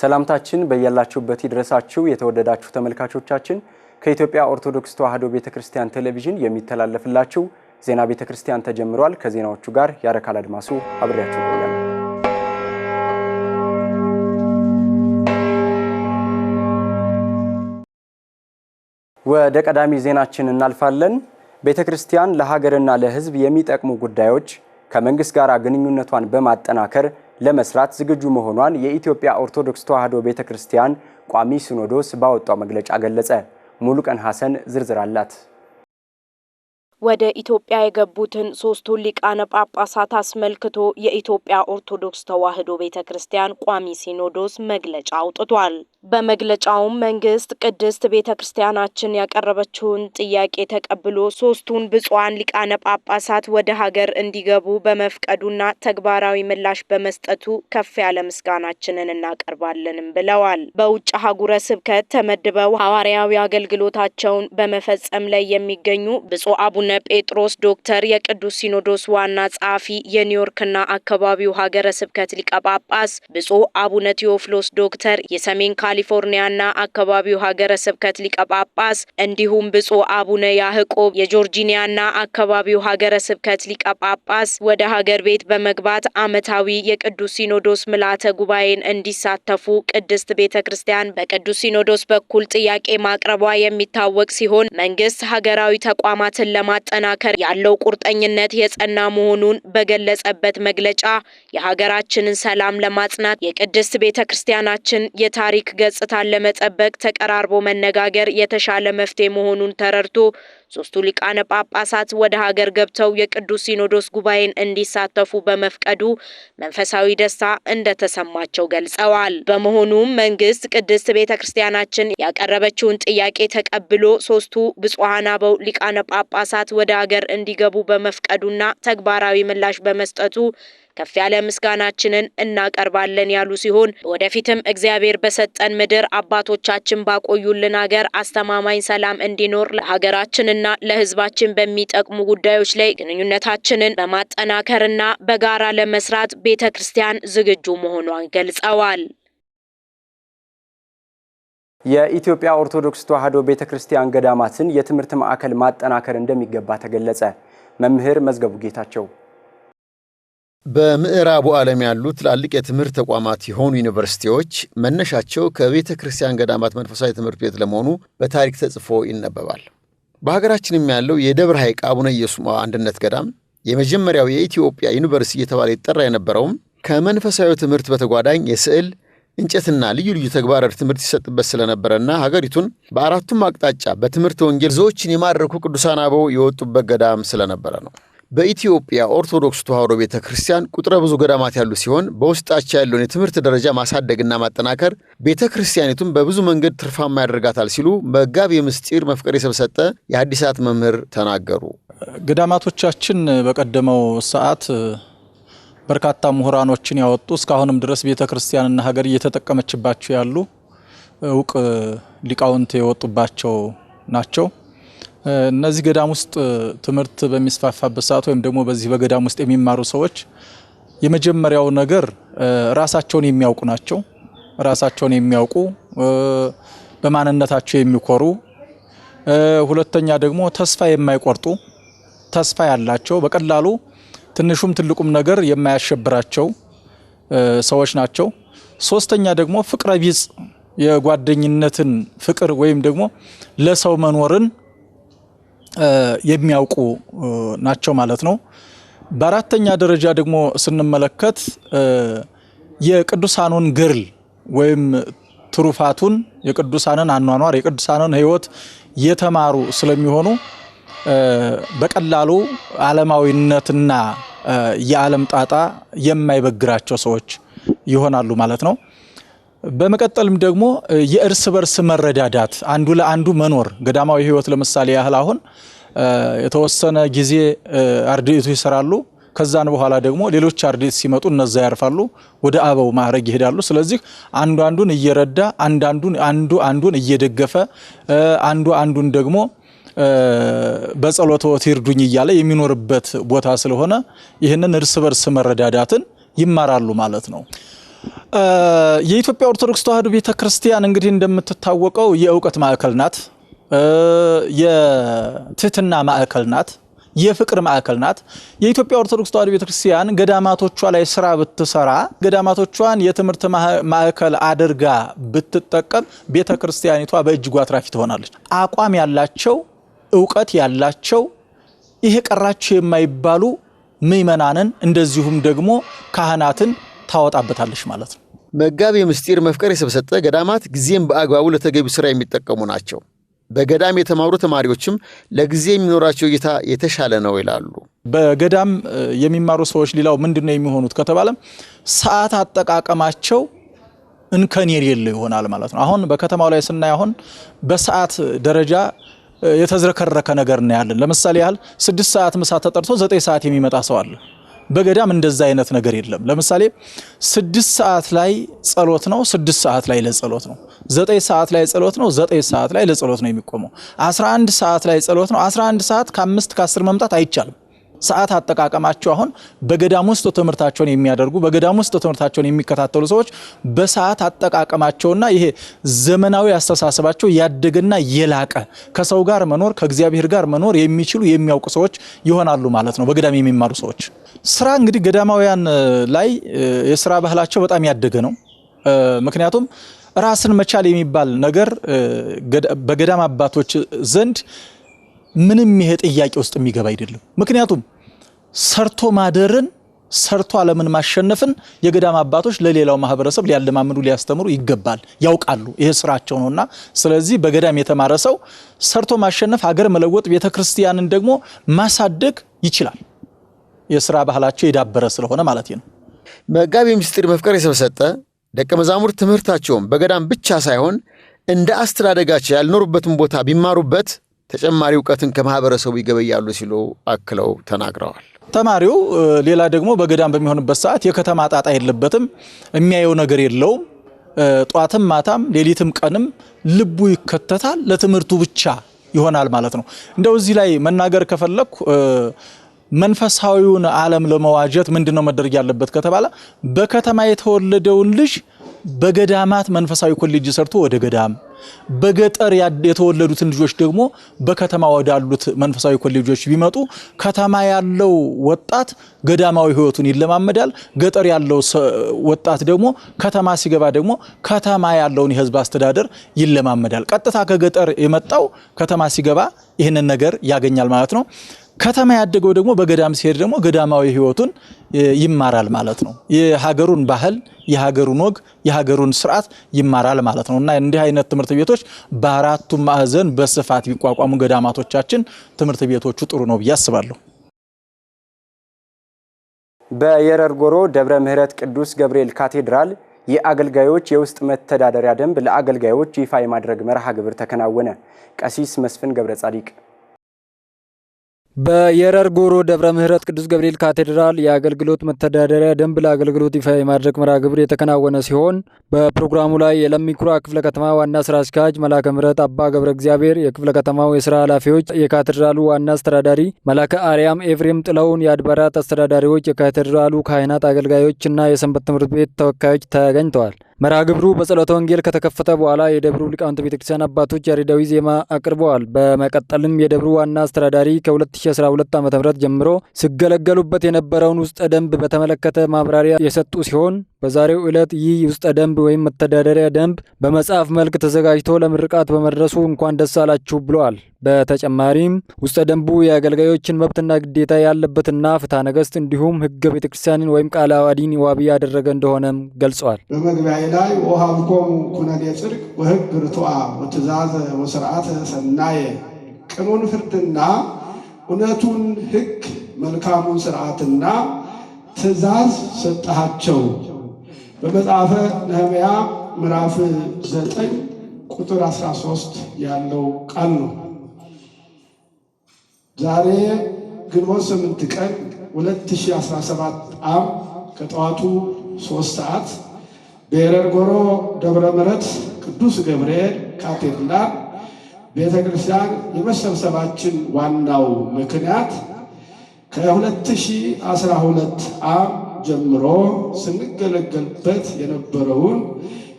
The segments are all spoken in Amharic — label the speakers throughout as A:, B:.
A: ሰላምታችን በያላችሁበት ይድረሳችሁ የተወደዳችሁ ተመልካቾቻችን። ከኢትዮጵያ ኦርቶዶክስ ተዋሕዶ ቤተ ክርስቲያን ቴሌቪዥን የሚተላለፍላችሁ ዜና ቤተ ክርስቲያን ተጀምሯል። ከዜናዎቹ ጋር ያረካል አድማሱ አብሬያችሁ ቆያለሁ። ወደ ቀዳሚ ዜናችን እናልፋለን። ቤተ ክርስቲያን ለሀገርና ለሕዝብ የሚጠቅሙ ጉዳዮች ከመንግስት ጋር ግንኙነቷን በማጠናከር ለመስራት ዝግጁ መሆኗን የኢትዮጵያ ኦርቶዶክስ ተዋሕዶ ቤተ ክርስቲያን ቋሚ ሲኖዶስ ባወጣው መግለጫ ገለጸ። ሙሉቀን ሐሰን ዝርዝር አላት።
B: ወደ ኢትዮጵያ የገቡትን ሶስቱን ሊቃነ ጳጳሳት አስመልክቶ የኢትዮጵያ ኦርቶዶክስ ተዋሕዶ ቤተ ክርስቲያን ቋሚ ሲኖዶስ መግለጫ አውጥቷል። በመግለጫውም መንግስት ቅድስት ቤተ ክርስቲያናችን ያቀረበችውን ጥያቄ ተቀብሎ ሶስቱን ብፁዓን ሊቃነ ጳጳሳት ወደ ሀገር እንዲገቡ በመፍቀዱና ተግባራዊ ምላሽ በመስጠቱ ከፍ ያለ ምስጋናችንን እናቀርባለንም ብለዋል። በውጭ ሀጉረ ስብከት ተመድበው ሐዋርያዊ አገልግሎታቸውን በመፈጸም ላይ የሚገኙ ብፁዕ አቡነ አቡነ ጴጥሮስ ዶክተር የቅዱስ ሲኖዶስ ዋና ጸሐፊ የኒውዮርክና አካባቢው ሀገረ ስብከት ሊቀጳጳስ ጳጳስ ብፁዕ አቡነ ቴዎፍሎስ ዶክተር የሰሜን ካሊፎርኒያና አካባቢው ሀገረ ስብከት ሊቀጳጳስ እንዲሁም ብፁዕ አቡነ ያህቆብ የጆርጂኒያና አካባቢው ሀገረ ስብከት ሊቀጳጳስ ወደ ሀገር ቤት በመግባት ዓመታዊ የቅዱስ ሲኖዶስ ምልዓተ ጉባኤን እንዲሳተፉ ቅድስት ቤተ ክርስቲያን በቅዱስ ሲኖዶስ በኩል ጥያቄ ማቅረቧ የሚታወቅ ሲሆን መንግስት ሀገራዊ ተቋማትን ለማ ለማጠናከር ያለው ቁርጠኝነት የጸና መሆኑን በገለጸበት መግለጫ የሀገራችንን ሰላም ለማጽናት የቅድስት ቤተ ክርስቲያናችን የታሪክ ገጽታን ለመጠበቅ ተቀራርቦ መነጋገር የተሻለ መፍትሄ መሆኑን ተረድቶ ሶስቱ ሊቃነ ጳጳሳት ወደ ሀገር ገብተው የቅዱስ ሲኖዶስ ጉባኤን እንዲሳተፉ በመፍቀዱ መንፈሳዊ ደስታ እንደተሰማቸው ገልጸዋል። በመሆኑም መንግስት ቅድስት ቤተ ክርስቲያናችን ያቀረበችውን ጥያቄ ተቀብሎ ሶስቱ ብፁዓን አበው ሊቃነ ጳጳሳት ወደ ሀገር እንዲገቡ በመፍቀዱና ተግባራዊ ምላሽ በመስጠቱ ከፍ ያለ ምስጋናችንን እናቀርባለን ያሉ ሲሆን ወደፊትም እግዚአብሔር በሰጠን ምድር አባቶቻችን ባቆዩልን ሀገር አስተማማኝ ሰላም እንዲኖር ለሀገራችንና ለሕዝባችን በሚጠቅሙ ጉዳዮች ላይ ግንኙነታችንን በማጠናከርና በጋራ ለመስራት ቤተ ክርስቲያን ዝግጁ መሆኗን ገልጸዋል።
A: የኢትዮጵያ ኦርቶዶክስ ተዋሕዶ ቤተ ክርስቲያን ገዳማትን የትምህርት ማዕከል ማጠናከር እንደሚገባ ተገለጸ። መምህር መዝገቡ ጌታቸው በምዕራቡ ዓለም ያሉ ትላልቅ የትምህርት ተቋማት የሆኑ ዩኒቨርሲቲዎች መነሻቸው ከቤተ ክርስቲያን ገዳማት መንፈሳዊ ትምህርት ቤት ለመሆኑ በታሪክ ተጽፎ ይነበባል። በሀገራችንም ያለው የደብረ ሐይቅ አቡነ ኢየሱስ አንድነት ገዳም የመጀመሪያው የኢትዮጵያ ዩኒቨርሲቲ እየተባለ ይጠራ የነበረውም ከመንፈሳዊ ትምህርት በተጓዳኝ የስዕል እንጨትና ልዩ ልዩ ተግባራዊ ትምህርት ይሰጥበት ስለነበረና ሀገሪቱን በአራቱም አቅጣጫ በትምህርት ወንጌል ብዙዎችን የማድረኩ ቅዱሳን አበው የወጡበት ገዳም ስለነበረ ነው። በኢትዮጵያ ኦርቶዶክስ ተዋሕዶ ቤተ ክርስቲያን ቁጥረ ብዙ ገዳማት ያሉ ሲሆን በውስጣቸው ያለውን የትምህርት ደረጃ ማሳደግና ማጠናከር ቤተ ክርስቲያኒቱን በብዙ መንገድ ትርፋማ ያደርጋታል ሲሉ መጋቤ ምስጢር መፍቀሬ ሰብሰጠ የአዲሳት መምህር ተናገሩ።
C: ገዳማቶቻችን በቀደመው ሰዓት በርካታ ምሁራኖችን ያወጡ እስካሁንም ድረስ ቤተ ክርስቲያንና ሀገር እየተጠቀመችባቸው ያሉ እውቅ ሊቃውንት የወጡባቸው ናቸው። እነዚህ ገዳም ውስጥ ትምህርት በሚስፋፋበት ሰዓት ወይም ደግሞ በዚህ በገዳም ውስጥ የሚማሩ ሰዎች የመጀመሪያው ነገር ራሳቸውን የሚያውቁ ናቸው። ራሳቸውን የሚያውቁ በማንነታቸው የሚኮሩ፣ ሁለተኛ ደግሞ ተስፋ የማይቆርጡ ተስፋ ያላቸው በቀላሉ ትንሹም ትልቁም ነገር የማያሸብራቸው ሰዎች ናቸው። ሶስተኛ ደግሞ ፍቅረ ቢጽ የጓደኝነትን ፍቅር ወይም ደግሞ ለሰው መኖርን የሚያውቁ ናቸው ማለት ነው። በአራተኛ ደረጃ ደግሞ ስንመለከት የቅዱሳኑን ግርል ወይም ትሩፋቱን የቅዱሳንን አኗኗር የቅዱሳንን ሕይወት የተማሩ ስለሚሆኑ በቀላሉ ዓለማዊነትና የዓለም ጣጣ የማይበግራቸው ሰዎች ይሆናሉ ማለት ነው። በመቀጠልም ደግሞ የእርስ በርስ መረዳዳት አንዱ ለአንዱ መኖር ገዳማዊ ህይወት ለምሳሌ ያህል አሁን የተወሰነ ጊዜ አርድእቱ ይሰራሉ። ከዛን በኋላ ደግሞ ሌሎች አርድእት ሲመጡ እነዛ ያርፋሉ፣ ወደ አበው ማዕረግ ይሄዳሉ። ስለዚህ አንዱ አንዱን እየረዳ አንዳንዱን አንዱ አንዱን እየደገፈ አንዱ አንዱን ደግሞ በጸሎትዎት ይርዱኝ እያለ የሚኖርበት ቦታ ስለሆነ ይህንን እርስ በርስ መረዳዳትን ይማራሉ ማለት ነው። የኢትዮጵያ ኦርቶዶክስ ተዋሕዶ ቤተ ክርስቲያን እንግዲህ እንደምትታወቀው የእውቀት ማዕከል ናት፣ የትህትና ማዕከል ናት፣ የፍቅር ማዕከል ናት። የኢትዮጵያ ኦርቶዶክስ ተዋሕዶ ቤተ ክርስቲያን ገዳማቶቿ ላይ ስራ ብትሰራ፣ ገዳማቶቿን የትምህርት ማዕከል አድርጋ ብትጠቀም፣ ቤተ ክርስቲያኒቷ በእጅጉ አትራፊ ትሆናለች። አቋም ያላቸው እውቀት ያላቸው ይሄ ቀራቸው የማይባሉ ምእመናንን እንደዚሁም ደግሞ ካህናትን ታወጣበታለች ማለት ነው።
A: መጋቢ ምስጢር መፍቀር የሰበሰጠ ገዳማት ጊዜም በአግባቡ ለተገቢ ስራ የሚጠቀሙ ናቸው። በገዳም የተማሩ ተማሪዎችም ለጊዜ የሚኖራቸው እይታ የተሻለ ነው ይላሉ።
C: በገዳም የሚማሩ ሰዎች ሌላው ምንድን ነው የሚሆኑት ከተባለም ሰዓት አጠቃቀማቸው እንከን የሌለው ይሆናል ማለት ነው። አሁን በከተማው ላይ ስናይ አሁን በሰዓት ደረጃ የተዝረከረከ ነገር እናያለን ያለን። ለምሳሌ ያህል ስድስት ሰዓት ምሳ ተጠርቶ ዘጠኝ ሰዓት የሚመጣ ሰው አለ። በገዳም እንደዛ አይነት ነገር የለም። ለምሳሌ ስድስት ሰዓት ላይ ጸሎት ነው፣ ስድስት ሰዓት ላይ ለጸሎት ነው። ዘጠኝ ሰዓት ላይ ጸሎት ነው፣ ዘጠኝ ሰዓት ላይ ለጸሎት ነው የሚቆመው። አስራ አንድ ሰዓት ላይ ጸሎት ነው። አስራ አንድ ሰዓት ከአምስት ከአስር መምጣት አይቻልም። ሰዓት አጠቃቀማቸው አሁን በገዳም ውስጥ ትምህርታቸውን የሚያደርጉ በገዳም ውስጥ ትምህርታቸውን የሚከታተሉ ሰዎች በሰዓት አጠቃቀማቸውና ይሄ ዘመናዊ አስተሳሰባቸው ያደገና የላቀ ከሰው ጋር መኖር ከእግዚአብሔር ጋር መኖር የሚችሉ የሚያውቁ ሰዎች ይሆናሉ ማለት ነው። በገዳም የሚማሩ ሰዎች ስራ እንግዲህ ገዳማውያን ላይ የስራ ባህላቸው በጣም ያደገ ነው። ምክንያቱም ራስን መቻል የሚባል ነገር በገዳም አባቶች ዘንድ ምንም ይሄ ጥያቄ ውስጥ የሚገባ አይደለም። ምክንያቱም ሰርቶ ማደርን ሰርቶ ዓለምን ማሸነፍን የገዳም አባቶች ለሌላው ማህበረሰብ ሊያለማምዱ ሊያስተምሩ ይገባል፣ ያውቃሉ። ይሄ ስራቸው ነውና፣ ስለዚህ በገዳም የተማረ ሰው ሰርቶ ማሸነፍ፣ ሀገር መለወጥ፣ ቤተ ክርስቲያንን ደግሞ ማሳደግ ይችላል። የስራ ባህላቸው የዳበረ ስለሆነ ማለት
A: ነው። መጋቢ ምስጢር መፍቀር የሰበሰጠ ደቀ መዛሙርት ትምህርታቸውን በገዳም ብቻ ሳይሆን እንደ አስተዳደጋቸው ያልኖሩበትን ቦታ ቢማሩበት ተጨማሪ እውቀትን ከማህበረሰቡ ይገበያሉ ሲሉ አክለው ተናግረዋል።
C: ተማሪው ሌላ ደግሞ በገዳም በሚሆንበት ሰዓት የከተማ ጣጣ የለበትም፣ የሚያየው ነገር የለውም። ጧትም ማታም ሌሊትም ቀንም ልቡ ይከተታል፣ ለትምህርቱ ብቻ ይሆናል ማለት ነው። እንደው እዚህ ላይ መናገር ከፈለግኩ መንፈሳዊውን ዓለም ለመዋጀት ምንድን ነው መደረግ ያለበት ከተባለ በከተማ የተወለደውን ልጅ በገዳማት መንፈሳዊ ኮሌጅ ሰርቶ ወደ ገዳም በገጠር የተወለዱትን ልጆች ደግሞ በከተማ ወዳሉት መንፈሳዊ ኮሌጆች ቢመጡ ከተማ ያለው ወጣት ገዳማዊ ሕይወቱን ይለማመዳል። ገጠር ያለው ወጣት ደግሞ ከተማ ሲገባ ደግሞ ከተማ ያለውን የሕዝብ አስተዳደር ይለማመዳል። ቀጥታ ከገጠር የመጣው ከተማ ሲገባ ይህንን ነገር ያገኛል ማለት ነው። ከተማ ያደገው ደግሞ በገዳም ሲሄድ ደግሞ ገዳማዊ ህይወቱን ይማራል ማለት ነው። የሀገሩን ባህል፣ የሀገሩን ወግ፣ የሀገሩን ስርዓት ይማራል ማለት ነው እና እንዲህ አይነት ትምህርት ቤቶች በአራቱ ማዕዘን በስፋት ቢቋቋሙ ገዳማቶቻችን ትምህርት ቤቶቹ ጥሩ ነው ብዬ አስባለሁ።
A: በየረርጎሮ ደብረ ምሕረት ቅዱስ ገብርኤል ካቴድራል የአገልጋዮች የውስጥ መተዳደሪያ ደንብ ለአገልጋዮች ይፋ የማድረግ መርሃ ግብር ተከናወነ። ቀሲስ መስፍን ገብረ ጻዲቅ
D: በየረር ጎሮ ደብረ ምሕረት ቅዱስ ገብርኤል ካቴድራል የአገልግሎት መተዳደሪያ ደንብ ለአገልግሎት ይፋ የማድረግ መርሃ ግብር የተከናወነ ሲሆን በፕሮግራሙ ላይ የለሚኩራ ክፍለ ከተማ ዋና ስራ አስኪያጅ መላከ ምሕረት አባ ገብረ እግዚአብሔር፣ የክፍለ ከተማው የስራ ኃላፊዎች፣ የካቴድራሉ ዋና አስተዳዳሪ መላከ አርያም ኤፍሬም ጥለውን፣ የአድባራት አስተዳዳሪዎች፣ የካቴድራሉ ካህናት አገልጋዮች እና የሰንበት ትምህርት ቤት ተወካዮች ተገኝተዋል። መርሃ ግብሩ በጸሎተ ወንጌል ከተከፈተ በኋላ የደብሩ ሊቃውንተ ቤተክርስቲያን አባቶች ያሬዳዊ ዜማ አቅርበዋል። በመቀጠልም የደብሩ ዋና አስተዳዳሪ ከ2012 ዓ ም ጀምሮ ሲገለገሉበት የነበረውን ውስጠ ደንብ በተመለከተ ማብራሪያ የሰጡ ሲሆን በዛሬው ዕለት ይህ ውስጠ ደንብ ወይም መተዳደሪያ ደንብ በመጽሐፍ መልክ ተዘጋጅቶ ለምርቃት በመድረሱ እንኳን ደስ አላችሁ ብለዋል። በተጨማሪም ውስጠ ደንቡ የአገልጋዮችን መብትና ግዴታ ያለበትና ፍትሐ ነገሥት እንዲሁም ሕገ ቤተ ክርስቲያንን ወይም ቃለ ዓዋዲን ዋቢ ያደረገ እንደሆነም
E: ገልጸዋል። በመግቢያ ላይ ወሀብኮሙ ኩነኔ ጽድቅ ወሕግ ርቱዐ ወትእዛዝ ወስርዓት ሰናየ ቅኑን ፍርድና እውነቱን ሕግ መልካሙን ስርዓትና ትእዛዝ ሰጠሃቸው። በመጽሐፈ ነህምያ ምዕራፍ 9 ቁጥር 13 ያለው ቃል ነው። ዛሬ ግንቦት ስምንት ቀን 2017 ዓ.ም ከጠዋቱ ሶስት ሰዓት በኤረር ጎሮ ደብረ ምሕረት ቅዱስ ገብርኤል ካቴድራል ቤተ ክርስቲያን የመሰብሰባችን ዋናው ምክንያት ከ2012 ዓ.ም ጀምሮ ስንገለገልበት የነበረውን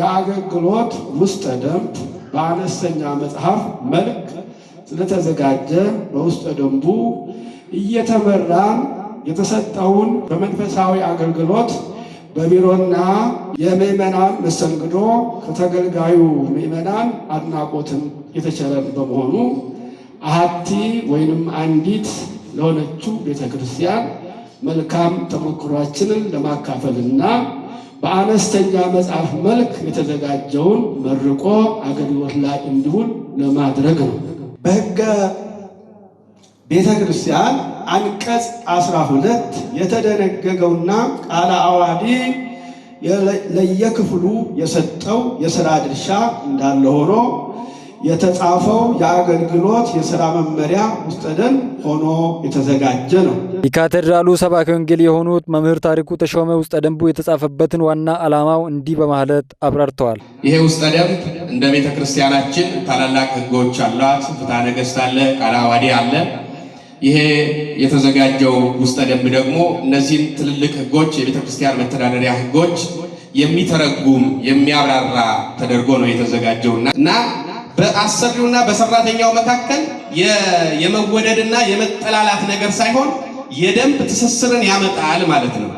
E: የአገልግሎት ውስጠ ደንብ በአነስተኛ መጽሐፍ መልክ ስለተዘጋጀ በውስጠ ደንቡ እየተመራ የተሰጠውን በመንፈሳዊ አገልግሎት በቢሮና የምዕመናን መስተንግዶ ከተገልጋዩ ምዕመናን አድናቆትን የተቸረን በመሆኑ አሃቲ ወይንም አንዲት ለሆነችው ቤተ ክርስቲያን መልካም ተሞክሯችንን ለማካፈልና በአነስተኛ መጽሐፍ መልክ የተዘጋጀውን መርቆ አገልግሎት ላይ እንዲውል ለማድረግ ነው። በሕገ ቤተ ክርስቲያን አንቀጽ አስራ ሁለት የተደነገገውና ቃለ አዋዲ ለየክፍሉ የሰጠው የሥራ ድርሻ እንዳለ ሆኖ የተጻፈው የአገልግሎት የሥራ መመሪያ ውስጠ ደን ሆኖ የተዘጋጀ ነው።
D: የካቴድራሉ ሰባኪ ወንጌል የሆኑት መምህር ታሪኩ ተሾመ ውስጠ ደንቡ የተጻፈበትን ዋና ዓላማው እንዲህ በማለት አብራርተዋል።
F: ይሄ ውስጠ ደንብ እንደ ቤተ ክርስቲያናችን ታላላቅ ሕጎች አሏት። ፍትሐ ነገሥት አለ፣ ቃለ ዓዋዲ አለ። ይሄ የተዘጋጀው ውስጠ ደንብ ደግሞ እነዚህን ትልልቅ ሕጎች የቤተ ክርስቲያን መተዳደሪያ ሕጎች የሚተረጉም የሚያብራራ ተደርጎ ነው የተዘጋጀውና እና በአሰሪውና በሰራተኛው መካከል የመወደድና የመጠላላት ነገር ሳይሆን የደንብ ትስስርን ያመጣል ማለት ነው።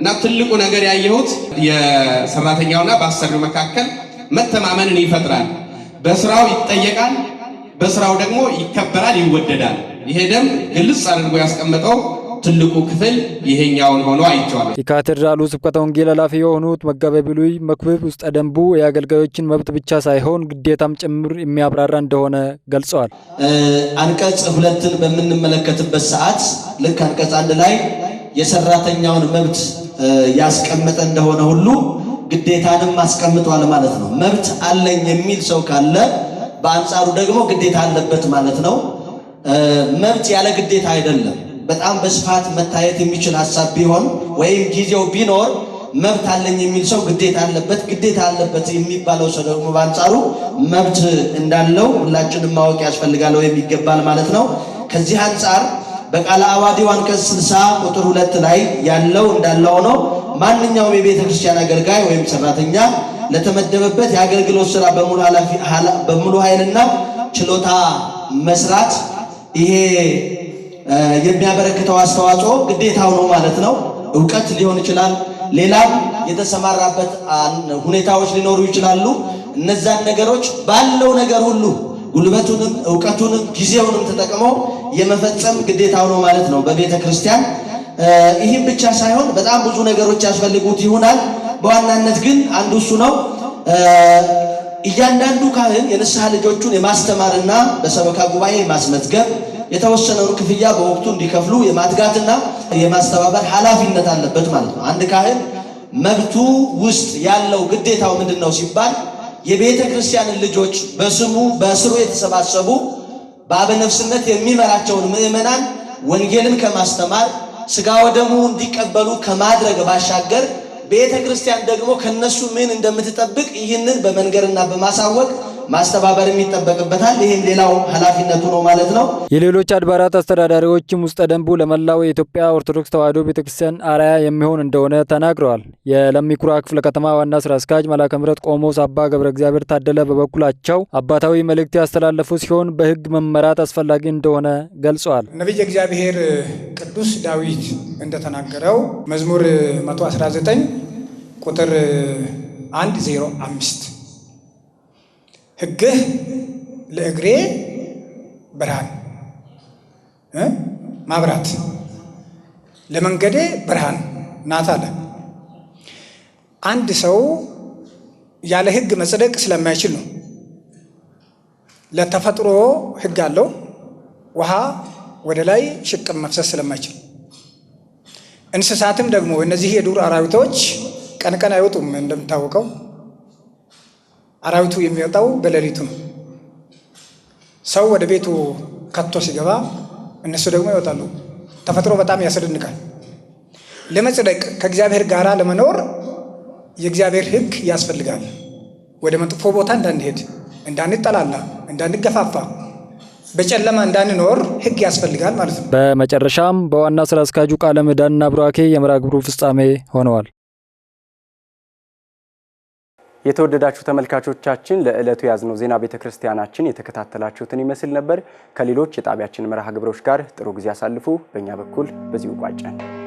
F: እና ትልቁ ነገር ያየሁት የሰራተኛውና በአሰሪው መካከል መተማመንን ይፈጥራል። በስራው ይጠየቃል፣ በስራው ደግሞ ይከበራል፣ ይወደዳል። ይሄ ደንብ ግልጽ አድርጎ ያስቀመጠው ትልቁ ክፍል ይሄኛውን ሆኖ
D: አይቸዋል። የካቴድራሉ ስብከተ ወንጌል ኃላፊ የሆኑት መጋቤ ብሉይ መክብብ ውስጠ ደንቡ የአገልጋዮችን መብት ብቻ ሳይሆን ግዴታም ጭምር የሚያብራራ እንደሆነ ገልጸዋል።
G: አንቀጽ ሁለትን በምንመለከትበት ሰዓት ልክ አንቀጽ አንድ ላይ የሰራተኛውን መብት ያስቀመጠ እንደሆነ ሁሉ ግዴታንም አስቀምጧል ማለት ነው። መብት አለኝ የሚል ሰው ካለ በአንጻሩ ደግሞ ግዴታ አለበት ማለት ነው። መብት ያለ ግዴታ አይደለም። በጣም በስፋት መታየት የሚችል ሀሳብ ቢሆን ወይም ጊዜው ቢኖር መብት አለኝ የሚል ሰው ግዴታ አለበት ግዴታ አለበት የሚባለው ሰው ደግሞ በአንጻሩ መብት እንዳለው ሁላችንም ማወቅ ያስፈልጋል ወይም ይገባል ማለት ነው። ከዚህ አንጻር በቃለ ዓዋዲው አንቀጽ 60 ቁጥር ሁለት ላይ ያለው እንዳለው ነው። ማንኛውም የቤተ ክርስቲያን አገልጋይ ወይም ሰራተኛ ለተመደበበት የአገልግሎት ስራ በሙሉ ኃይልና ችሎታ መስራት ይሄ የሚያበረክተው አስተዋጽኦ ግዴታው ነው ማለት ነው። እውቀት ሊሆን ይችላል፣ ሌላም የተሰማራበት ሁኔታዎች ሊኖሩ ይችላሉ። እነዛን ነገሮች ባለው ነገር ሁሉ ጉልበቱንም እውቀቱንም ጊዜውንም ተጠቅሞ የመፈጸም ግዴታው ነው ማለት ነው በቤተ ክርስቲያን። ይህም ብቻ ሳይሆን በጣም ብዙ ነገሮች ያስፈልጉት ይሆናል። በዋናነት ግን አንዱ እሱ ነው። እያንዳንዱ ካህን የንስሐ ልጆቹን የማስተማርና በሰበካ ጉባኤ ማስመዝገብ የተወሰነውን ክፍያ በወቅቱ እንዲከፍሉ የማትጋትና የማስተባበር ኃላፊነት አለበት ማለት ነው። አንድ ካህን መብቱ ውስጥ ያለው ግዴታው ምንድን ነው ሲባል የቤተ ክርስቲያንን ልጆች በስሙ በስሩ የተሰባሰቡ በአበነፍስነት የሚመራቸውን ምእመናን ወንጌልን ከማስተማር ሥጋ ወደሙ እንዲቀበሉ ከማድረግ ባሻገር ቤተ ክርስቲያን ደግሞ ከነሱ ምን እንደምትጠብቅ ይህንን በመንገርና በማሳወቅ ማስተባበርም ይጠበቅበታል። ይህም ሌላው ኃላፊነቱ ነው ማለት ነው። የሌሎች አድባራት
D: አስተዳዳሪዎችም ውስጠ ደንቡ ለመላው የኢትዮጵያ ኦርቶዶክስ ተዋሕዶ ቤተክርስቲያን አርአያ የሚሆን እንደሆነ ተናግረዋል። የለሚኩራ ክፍለ ከተማ ዋና ስራ አስኪያጅ መላከ ምሕረት ቆሞስ አባ ገብረ እግዚአብሔር ታደለ በበኩላቸው አባታዊ መልእክት ያስተላለፉ ሲሆን በሕግ መመራት አስፈላጊ እንደሆነ ገልጸዋል።
H: ነቢይ እግዚአብሔር ቅዱስ ዳዊት እንደተናገረው መዝሙር 119 ቁጥር 105 ሕግህ ለእግሬ ብርሃን ማብራት ለመንገዴ ብርሃን ናት አለ። አንድ ሰው ያለ ሕግ መጽደቅ ስለማይችል ነው። ለተፈጥሮ ሕግ አለው። ውሃ ወደ ላይ ሽቅም መፍሰስ ስለማይችል እንስሳትም ደግሞ እነዚህ የዱር አራዊቶች ቀን ቀን አይወጡም እንደምታወቀው አራዊቱ የሚወጣው በሌሊቱ ነው። ሰው ወደ ቤቱ ከቶ ሲገባ እነሱ ደግሞ ይወጣሉ። ተፈጥሮ በጣም ያስደንቃል። ለመጽደቅ ከእግዚአብሔር ጋር ለመኖር የእግዚአብሔር ሕግ ያስፈልጋል። ወደ መጥፎ ቦታ እንዳንሄድ፣ እንዳንጠላላ፣ እንዳንገፋፋ በጨለማ እንዳንኖር ህግ ያስፈልጋል
D: ማለት ነው። በመጨረሻም በዋና ስራ አስኪያጁ ቃለ ምዕዳንና ቡራኬ የመርሃ ግብሩ ፍጻሜ ሆነዋል።
A: የተወደዳችሁ ተመልካቾቻችን ለዕለቱ ነው። ዜና ቤተ ክርስቲያናችን የተከታተላችሁትን ይመስል ነበር። ከሌሎች የጣቢያችን መርሃ ግብሮች ጋር ጥሩ ጊዜ አሳልፉ። በእኛ በኩል በዚሁ ቋጨን።